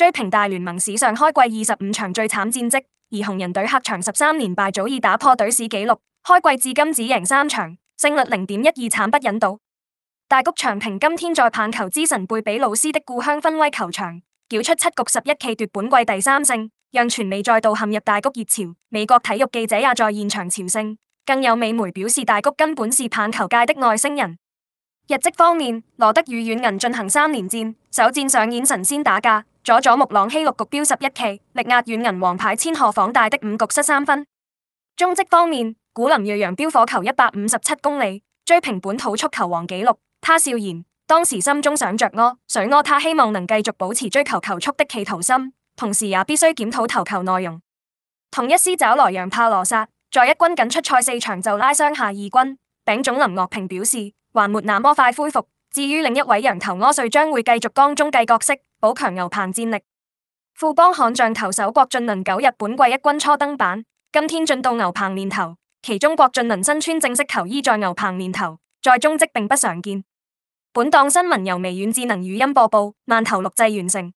追平大聯盟史上開季二十五場最慘戰績，而紅人隊客場十三連敗早已打破隊史紀錄。開季至今只贏三場，勝率零點一二，慘不忍睹。大谷翔平今天在棒球之神貝比魯斯的故鄉芬威球場，繳出七局十一 K 奪本季第三勝，讓全美再度陷入大谷熱潮。美國體育記者也在現場朝聖，更有美媒表示大谷根本是棒球界的外星人。日職方面，羅德與軟銀進行三連戰，首戰上演神仙打架，佐佐木朗希六局飆十一 K，力壓軟銀王牌千賀滉大的五局失三分。中職方面，古林睿煬飆火球一百五十七公里，追平本土速球王紀錄。他笑言，當時心中想着我，水我他希望能繼續保持追求球速的企圖心，同時也必須檢討投球內容。統一獅找來楊帕羅薩，在一軍僅出賽四場就拉傷下二軍。平總林岳平表示。還沒那麼快恢復。至於另一位洋投柯瑞，將會繼續當中繼角色，補強牛棚戰力。富邦悍將投手郭俊麟九日本季一軍初登板，今天進到牛棚練投，其中郭俊麟身穿正式球衣在牛棚練投，在中職並不常見。本檔新聞由微軟智能語音播報，慢投錄製完成。